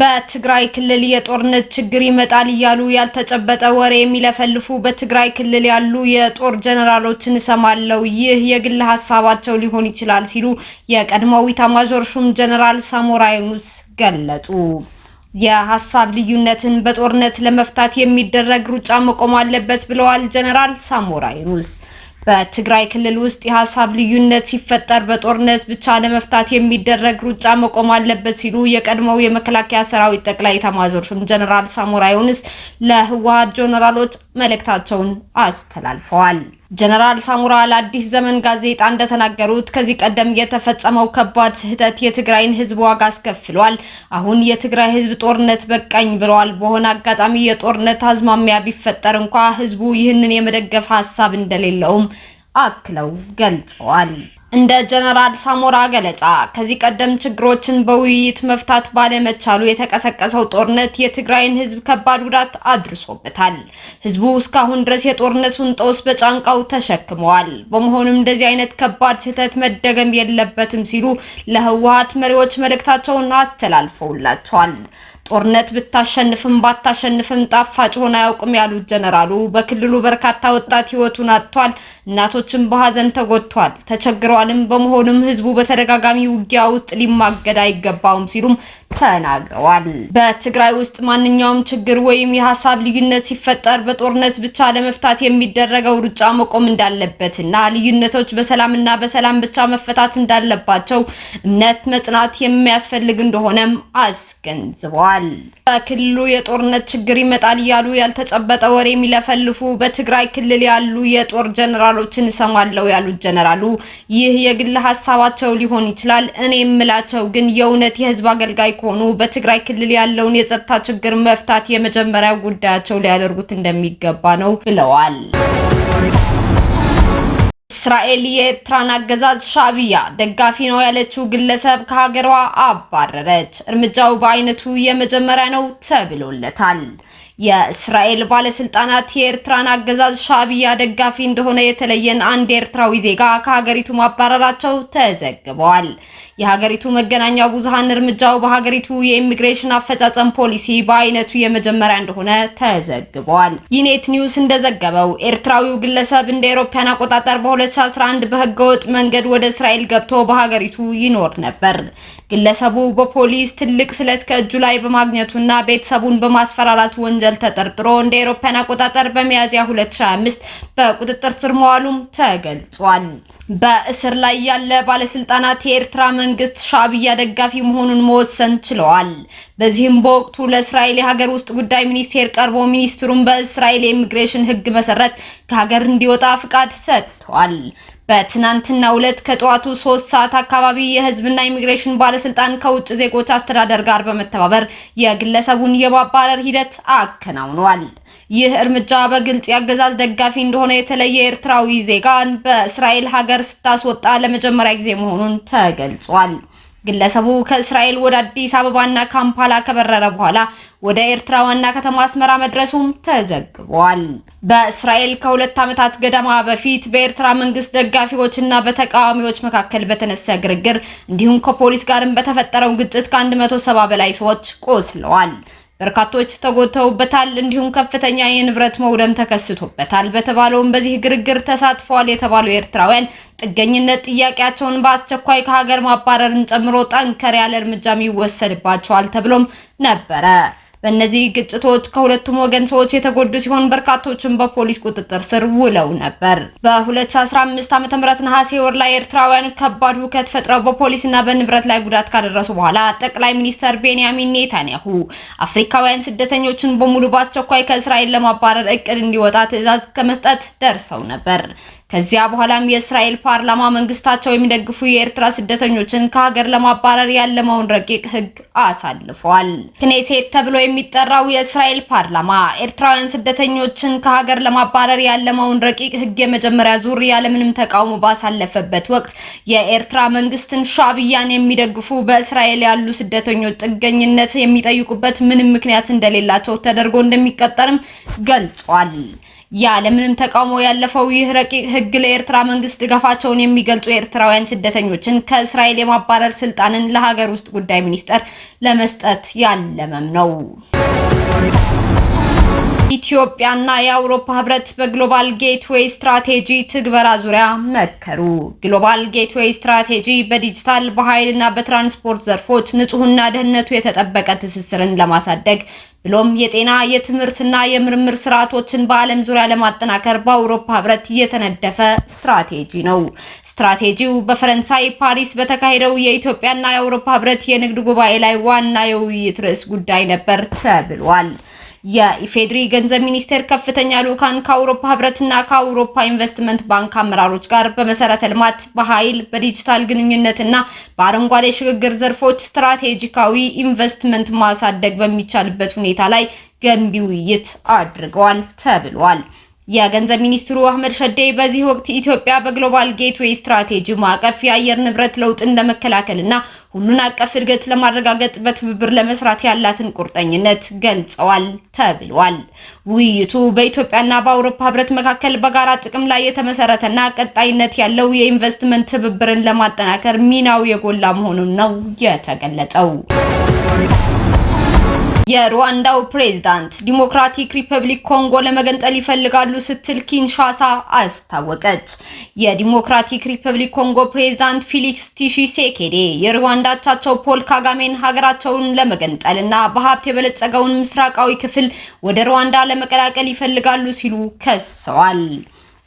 በትግራይ ክልል የጦርነት ችግር ይመጣል እያሉ ያልተጨበጠ ወሬ የሚለፈልፉ በትግራይ ክልል ያሉ የጦር ጀነራሎችን እሰማለሁ። ይህ የግል ሀሳባቸው ሊሆን ይችላል ሲሉ የቀድሞው ኢታማዦር ሹም ጀነራል ሳሞራ ዩኑስ ገለጹ። የሀሳብ ልዩነትን በጦርነት ለመፍታት የሚደረግ ሩጫ መቆም አለበት ብለዋል ጀነራል ሳሞራ በትግራይ ክልል ውስጥ የሀሳብ ልዩነት ሲፈጠር በጦርነት ብቻ ለመፍታት የሚደረግ ሩጫ መቆም አለበት ሲሉ የቀድሞው የመከላከያ ሰራዊት ጠቅላይ ኤታማዦር ሹም ጀነራል ሳሞራ ዩኑስ ጀነራሎች መልእክታቸውን አስተላልፈዋል። ጀነራል ሳሙራል ለአዲስ ዘመን ጋዜጣ እንደተናገሩት ከዚህ ቀደም የተፈጸመው ከባድ ስህተት የትግራይን ህዝብ ዋጋ አስከፍሏል። አሁን የትግራይ ህዝብ ጦርነት በቃኝ ብለዋል። በሆነ አጋጣሚ የጦርነት አዝማሚያ ቢፈጠር እንኳ ህዝቡ ይህንን የመደገፍ ሀሳብ እንደሌለውም አክለው ገልጸዋል። እንደ ጀነራል ሳሞራ ገለጻ ከዚህ ቀደም ችግሮችን በውይይት መፍታት ባለመቻሉ የተቀሰቀሰው ጦርነት የትግራይን ሕዝብ ከባድ ጉዳት አድርሶበታል። ሕዝቡ እስካሁን ድረስ የጦርነቱን ጦስ በጫንቃው ተሸክመዋል። በመሆኑም እንደዚህ አይነት ከባድ ስህተት መደገም የለበትም ሲሉ ለህወሓት መሪዎች መልእክታቸውን አስተላልፈውላቸዋል። ጦርነት ብታሸንፍም ባታሸንፍም ጣፋጭ ሆነ አያውቅም ያሉት ጀነራሉ በክልሉ በርካታ ወጣት ህይወቱን አጥቷል፣ እናቶችም በሀዘን ተጎድቷል፣ ተቸግረዋልም። በመሆኑም ህዝቡ በተደጋጋሚ ውጊያ ውስጥ ሊማገድ አይገባውም ሲሉም ተናግረዋል። በትግራይ ውስጥ ማንኛውም ችግር ወይም የሀሳብ ልዩነት ሲፈጠር በጦርነት ብቻ ለመፍታት የሚደረገው ሩጫ መቆም እንዳለበትና ልዩነቶች በሰላምና በሰላም ብቻ መፈታት እንዳለባቸው እምነት መጽናት የሚያስፈልግ እንደሆነም አስገንዝበዋል። በክልሉ የጦርነት ችግር ይመጣል እያሉ ያልተጨበጠ ወሬ የሚለፈልፉ በትግራይ ክልል ያሉ የጦር ጀነራሎችን እሰማለሁ ያሉት ጀነራሉ ይህ የግል ሀሳባቸው ሊሆን ይችላል። እኔ የምላቸው ግን የእውነት የህዝብ አገልጋይ ከሆኑ በትግራይ ክልል ያለውን የጸጥታ ችግር መፍታት የመጀመሪያ ጉዳያቸው ሊያደርጉት እንደሚገባ ነው ብለዋል። እስራኤል የኤርትራን አገዛዝ ሻቢያ ደጋፊ ነው ያለችው ግለሰብ ከሀገሯ አባረረች። እርምጃው በአይነቱ የመጀመሪያ ነው ተብሎለታል። የእስራኤል ባለስልጣናት የኤርትራን አገዛዝ ሻዕቢያ ደጋፊ እንደሆነ የተለየን አንድ ኤርትራዊ ዜጋ ከሀገሪቱ ማባረራቸው ተዘግበዋል። የሀገሪቱ መገናኛ ብዙሃን እርምጃው በሀገሪቱ የኢሚግሬሽን አፈጻጸም ፖሊሲ በአይነቱ የመጀመሪያ እንደሆነ ተዘግበዋል። ይኔት ኒውስ እንደዘገበው ኤርትራዊው ግለሰብ እንደ ኤሮፓያን አቆጣጠር በ2011 በህገወጥ መንገድ ወደ እስራኤል ገብቶ በሀገሪቱ ይኖር ነበር። ግለሰቡ በፖሊስ ትልቅ ስለት ከእጁ ላይ በማግኘቱና ቤተሰቡን በማስፈራራት ወንጀል በወንጀል ተጠርጥሮ እንደ ኤሮፓን አቆጣጠር በሚያዝያ 2025 በቁጥጥር ስር መዋሉም ተገልጿል። በእስር ላይ ያለ ባለስልጣናት የኤርትራ መንግስት ሻዕቢያ ደጋፊ መሆኑን መወሰን ችለዋል። በዚህም በወቅቱ ለእስራኤል የሀገር ውስጥ ጉዳይ ሚኒስቴር ቀርቦ ሚኒስትሩን በእስራኤል የኢሚግሬሽን ህግ መሰረት ከሀገር እንዲወጣ ፍቃድ ሰጥቷል። በትናንትና ሁለት ከጠዋቱ ሶስት ሰዓት አካባቢ የህዝብና ኢሚግሬሽን ባለስልጣን ከውጭ ዜጎች አስተዳደር ጋር በመተባበር የግለሰቡን የማባረር ሂደት አከናውኗል። ይህ እርምጃ በግልጽ የአገዛዝ ደጋፊ እንደሆነ የተለየ ኤርትራዊ ዜጋን በእስራኤል ሀገር ስታስወጣ ለመጀመሪያ ጊዜ መሆኑን ተገልጿል። ግለሰቡ ከእስራኤል ወደ አዲስ አበባና ካምፓላ ከበረረ በኋላ ወደ ኤርትራ ዋና ከተማ አስመራ መድረሱም ተዘግቧል። በእስራኤል ከሁለት ዓመታት ገደማ በፊት በኤርትራ መንግስት ደጋፊዎችና በተቃዋሚዎች መካከል በተነሳ ግርግር እንዲሁም ከፖሊስ ጋርም በተፈጠረው ግጭት ከ170 በላይ ሰዎች ቆስለዋል። በርካቶች ተጎድተውበታል፣ እንዲሁም ከፍተኛ የንብረት መውደም ተከስቶበታል በተባለውም በዚህ ግርግር ተሳትፈዋል የተባሉ ኤርትራውያን ጥገኝነት ጥያቄያቸውን በአስቸኳይ ከሀገር ማባረርን ጨምሮ ጠንከር ያለ እርምጃም ይወሰድባቸዋል ተብሎም ነበረ። በእነዚህ ግጭቶች ከሁለቱም ወገን ሰዎች የተጎዱ ሲሆን በርካቶችም በፖሊስ ቁጥጥር ስር ውለው ነበር። በ2015 ዓ.ም ነሐሴ ወር ላይ ኤርትራውያን ከባድ ሁከት ፈጥረው በፖሊስና በንብረት ላይ ጉዳት ካደረሱ በኋላ ጠቅላይ ሚኒስተር ቤንያሚን ኔታንያሁ አፍሪካውያን ስደተኞችን በሙሉ በአስቸኳይ ከእስራኤል ለማባረር እቅድ እንዲወጣ ትዕዛዝ ከመስጠት ደርሰው ነበር። ከዚያ በኋላም የእስራኤል ፓርላማ መንግስታቸው የሚደግፉ የኤርትራ ስደተኞችን ከሀገር ለማባረር ያለመውን ረቂቅ ህግ አሳልፏል። ክኔሴት ተብሎ የሚጠራው የእስራኤል ፓርላማ ኤርትራውያን ስደተኞችን ከሀገር ለማባረር ያለመውን ረቂቅ ህግ የመጀመሪያ ዙር ያለምንም ተቃውሞ ባሳለፈበት ወቅት የኤርትራ መንግስትን ሻዕቢያን የሚደግፉ በእስራኤል ያሉ ስደተኞች ጥገኝነት የሚጠይቁበት ምንም ምክንያት እንደሌላቸው ተደርጎ እንደሚቀጠርም ገልጿል። ያለምንም ተቃውሞ ያለፈው ይህ ረቂቅ ህግ ለኤርትራ መንግስት ድጋፋቸውን የሚገልጹ ኤርትራውያን ስደተኞችን ከእስራኤል የማባረር ስልጣንን ለሀገር ውስጥ ጉዳይ ሚኒስቴር ለመስጠት ያለመም ነው። ኢትዮጵያና የአውሮፓ ህብረት በግሎባል ጌትዌይ ስትራቴጂ ትግበራ ዙሪያ መከሩ። ግሎባል ጌትዌይ ስትራቴጂ በዲጂታል በኃይልና በትራንስፖርት ዘርፎች ንጹህና ደህንነቱ የተጠበቀ ትስስርን ለማሳደግ ብሎም የጤና የትምህርትና የምርምር ስርዓቶችን በዓለም ዙሪያ ለማጠናከር በአውሮፓ ህብረት የተነደፈ ስትራቴጂ ነው። ስትራቴጂው በፈረንሳይ ፓሪስ በተካሄደው የኢትዮጵያና የአውሮፓ ህብረት የንግድ ጉባኤ ላይ ዋና የውይይት ርዕስ ጉዳይ ነበር ተብሏል። የኢፌዴሪ ገንዘብ ሚኒስቴር ከፍተኛ ልዑካን ከአውሮፓ ህብረትና ከአውሮፓ ኢንቨስትመንት ባንክ አመራሮች ጋር በመሰረተ ልማት፣ በኃይል፣ በዲጂታል ግንኙነትና በአረንጓዴ ሽግግር ዘርፎች ስትራቴጂካዊ ኢንቨስትመንት ማሳደግ በሚቻልበት ሁኔታ ላይ ገንቢ ውይይት አድርገዋል ተብሏል። የገንዘብ ሚኒስትሩ አህመድ ሸዴ በዚህ ወቅት ኢትዮጵያ በግሎባል ጌትዌይ ስትራቴጂ ማዕቀፍ የአየር ንብረት ለውጥን ለመከላከልና ሁሉን አቀፍ እድገት ለማረጋገጥ በትብብር ለመስራት ያላትን ቁርጠኝነት ገልጸዋል ተብሏል። ውይይቱ በኢትዮጵያና በአውሮፓ ህብረት መካከል በጋራ ጥቅም ላይ የተመሰረተና ቀጣይነት ያለው የኢንቨስትመንት ትብብርን ለማጠናከር ሚናው የጎላ መሆኑን ነው የተገለጸው። የሩዋንዳው ፕሬዝዳንት ዲሞክራቲክ ሪፐብሊክ ኮንጎ ለመገንጠል ይፈልጋሉ ስትል ኪንሻሳ አስታወቀች። የዲሞክራቲክ ሪፐብሊክ ኮንጎ ፕሬዝዳንት ፊሊክስ ቲሺሴኬዴ የሩዋንዳቻቸው ፖል ካጋሜን ሀገራቸውን ለመገንጠል እና በሀብት የበለጸገውን ምስራቃዊ ክፍል ወደ ሩዋንዳ ለመቀላቀል ይፈልጋሉ ሲሉ ከሰዋል።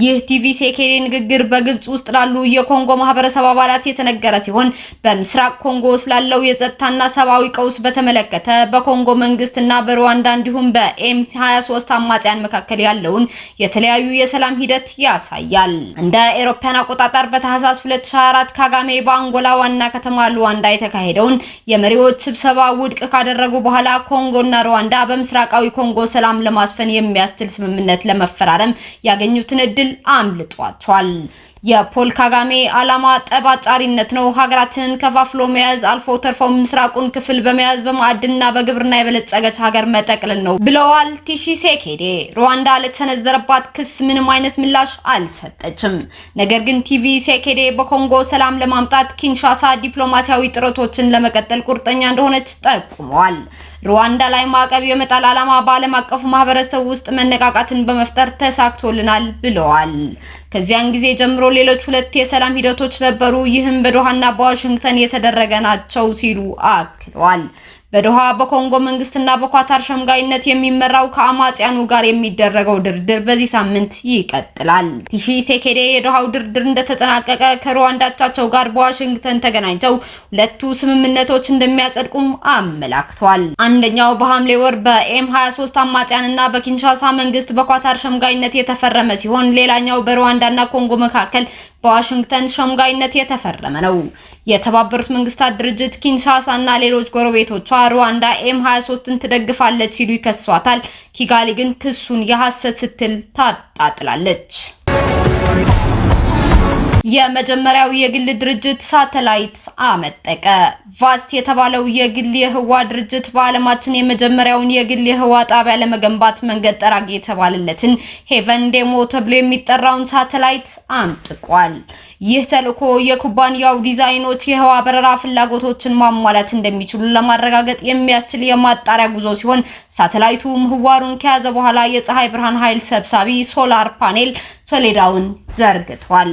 ይህ ቲቪ ሴኬዴ ንግግር በግብጽ ውስጥ ላሉ የኮንጎ ማህበረሰብ አባላት የተነገረ ሲሆን በምስራቅ ኮንጎ ስላለው የጸጥታና ሰብአዊ ቀውስ በተመለከተ በኮንጎ መንግስት እና በሩዋንዳ እንዲሁም በኤም 23 አማጽያን መካከል ያለውን የተለያዩ የሰላም ሂደት ያሳያል። እንደ ኤሮፓያን አቆጣጠር በታህሳስ 2024 ካጋሜ በአንጎላ ዋና ከተማ ሉዋንዳ የተካሄደውን የመሪዎች ስብሰባ ውድቅ ካደረጉ በኋላ ኮንጎና ሩዋንዳ በምስራቃዊ ኮንጎ ሰላም ለማስፈን የሚያስችል ስምምነት ለመፈራረም ያገኙትን እድል እድል አምልጧቸዋል። የፖል ካጋሜ አላማ ጠብ አጫሪነት ነው። ሀገራችንን ከፋፍሎ መያዝ አልፎ ተርፎ ምስራቁን ክፍል በመያዝ በማዕድንና በግብርና የበለጸገች ሀገር መጠቅልል ነው ብለዋል ቲሺሴኬዴ። ሩዋንዳ ለተሰነዘረባት ክስ ምንም አይነት ምላሽ አልሰጠችም። ነገር ግን ቲቪ ሴኬዴ በኮንጎ ሰላም ለማምጣት ኪንሻሳ ዲፕሎማሲያዊ ጥረቶችን ለመቀጠል ቁርጠኛ እንደሆነች ጠቁመዋል። ሩዋንዳ ላይ ማዕቀብ የመጣል ዓላማ በዓለም አቀፉ ማህበረሰብ ውስጥ መነቃቃትን በመፍጠር ተሳክቶልናል ብለዋል። ከዚያን ጊዜ ጀምሮ ሌሎች ሁለት የሰላም ሂደቶች ነበሩ። ይህም በዶሃና በዋሽንግተን የተደረገ ናቸው ሲሉ አክለዋል። በዶሃ በኮንጎ መንግስትና በኳታር ሸምጋይነት የሚመራው ከአማጽያኑ ጋር የሚደረገው ድርድር በዚህ ሳምንት ይቀጥላል። ሴኬዴ የዶሃው ድርድር እንደተጠናቀቀ ከሩዋንዳቻቸው ጋር በዋሽንግተን ተገናኝተው ሁለቱ ስምምነቶች እንደሚያጸድቁም አመላክቷል። አንደኛው በሐምሌ ወር በኤም 23 አማጽያንና በኪንሻሳ መንግስት በኳታር ሸምጋይነት የተፈረመ ሲሆን ሌላኛው በሩዋንዳና ኮንጎ መካከል በዋሽንግተን ሸምጋይነት የተፈረመ ነው። የተባበሩት መንግስታት ድርጅት እና ሌሎች ጎረቤቶቿ ሩዋንዳ ኤም 23ን ትደግፋለች ሲሉ ይከሷታል። ኪጋሊ ግን ክሱን የሐሰት ስትል ታጣጥላለች። የመጀመሪያው የግል ድርጅት ሳተላይት አመጠቀ። ቫስት የተባለው የግል የህዋ ድርጅት በዓለማችን የመጀመሪያውን የግል የህዋ ጣቢያ ለመገንባት መንገድ ጠራጊ የተባለለትን ሄቨን ዴሞ ተብሎ የሚጠራውን ሳተላይት አምጥቋል። ይህ ተልዕኮ የኩባንያው ዲዛይኖች የህዋ በረራ ፍላጎቶችን ማሟላት እንደሚችሉ ለማረጋገጥ የሚያስችል የማጣሪያ ጉዞ ሲሆን ሳተላይቱ ምህዋሩን ከያዘ በኋላ የፀሐይ ብርሃን ኃይል ሰብሳቢ ሶላር ፓኔል ሰሌዳውን ዘርግቷል።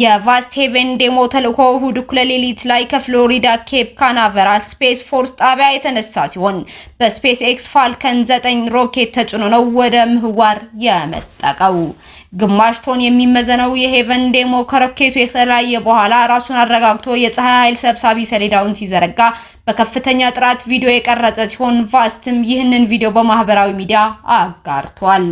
የቫስት ሄቨን ዴሞ ተልእኮ እሁድ እኩለ ሌሊት ላይ ከፍሎሪዳ ኬፕ ካናቨራል ስፔስ ፎርስ ጣቢያ የተነሳ ሲሆን በስፔስ ኤክስ ፋልከን 9 ሮኬት ተጭኖ ነው ወደ ምህዋር የመጠቀው። ግማሽ ቶን የሚመዘነው የሄቨን ዴሞ ከሮኬቱ የተለያየ በኋላ ራሱን አረጋግቶ የፀሐይ ኃይል ሰብሳቢ ሰሌዳውን ሲዘረጋ በከፍተኛ ጥራት ቪዲዮ የቀረጸ ሲሆን ቫስትም ይህንን ቪዲዮ በማህበራዊ ሚዲያ አጋርቷል።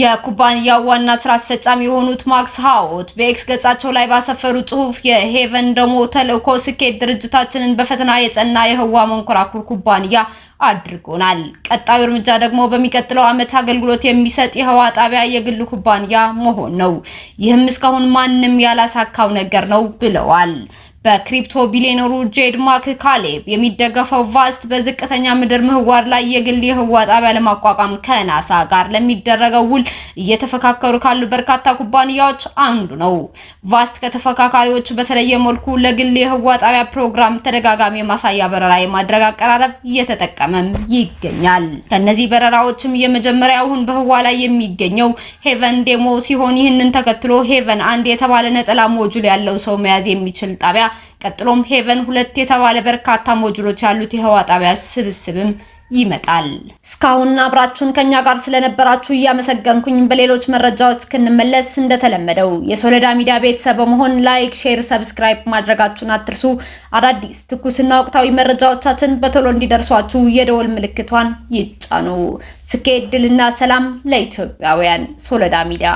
የኩባንያው ዋና ስራ አስፈጻሚ የሆኑት ማክስ ሃዎት በኤክስ ገጻቸው ላይ ባሰፈሩ ጽሁፍ የሄቨን ደሞ ተልእኮ ስኬት ድርጅታችንን በፈተና የጸና የህዋ መንኮራኩር ኩባንያ አድርጎናል። ቀጣዩ እርምጃ ደግሞ በሚቀጥለው ዓመት አገልግሎት የሚሰጥ የህዋ ጣቢያ የግል ኩባንያ መሆን ነው። ይህም እስካሁን ማንም ያላሳካው ነገር ነው ብለዋል። በክሪፕቶ ቢሊዮነሩ ጄድ ማክ ካሌብ የሚደገፈው ቫስት በዝቅተኛ ምድር ምህዋር ላይ የግል የህዋ ጣቢያ ለማቋቋም ከናሳ ጋር ለሚደረገው ውል እየተፈካከሩ ካሉ በርካታ ኩባንያዎች አንዱ ነው። ቫስት ከተፈካካሪዎች በተለየ መልኩ ለግል የህዋ ጣቢያ ፕሮግራም ተደጋጋሚ የማሳያ በረራ የማድረግ አቀራረብ እየተጠቀመም ይገኛል። ከነዚህ በረራዎችም የመጀመሪያውን በህዋ ላይ የሚገኘው ሄቨን ዴሞ ሲሆን ይህንን ተከትሎ ሄቨን አንድ የተባለ ነጠላ ሞጁል ያለው ሰው መያዝ የሚችል ጣቢያ ቀጥሎም ሄቨን ሁለት የተባለ በርካታ ሞጁሎች ያሉት የህዋ ጣቢያ ስብስብም ይመጣል። እስካሁን አብራችሁን ከኛ ጋር ስለነበራችሁ እያመሰገንኩኝ በሌሎች መረጃዎች እስክንመለስ እንደተለመደው የሶለዳ ሚዲያ ቤተሰብ በመሆን ላይክ፣ ሼር፣ ሰብስክራይብ ማድረጋችሁን አትርሱ። አዳዲስ ትኩስና ወቅታዊ መረጃዎቻችን በቶሎ እንዲደርሷችሁ የደወል ምልክቷን ይጫኑ። ስኬት፣ ድልና ሰላም ለኢትዮጵያውያን። ሶለዳ ሚዲያ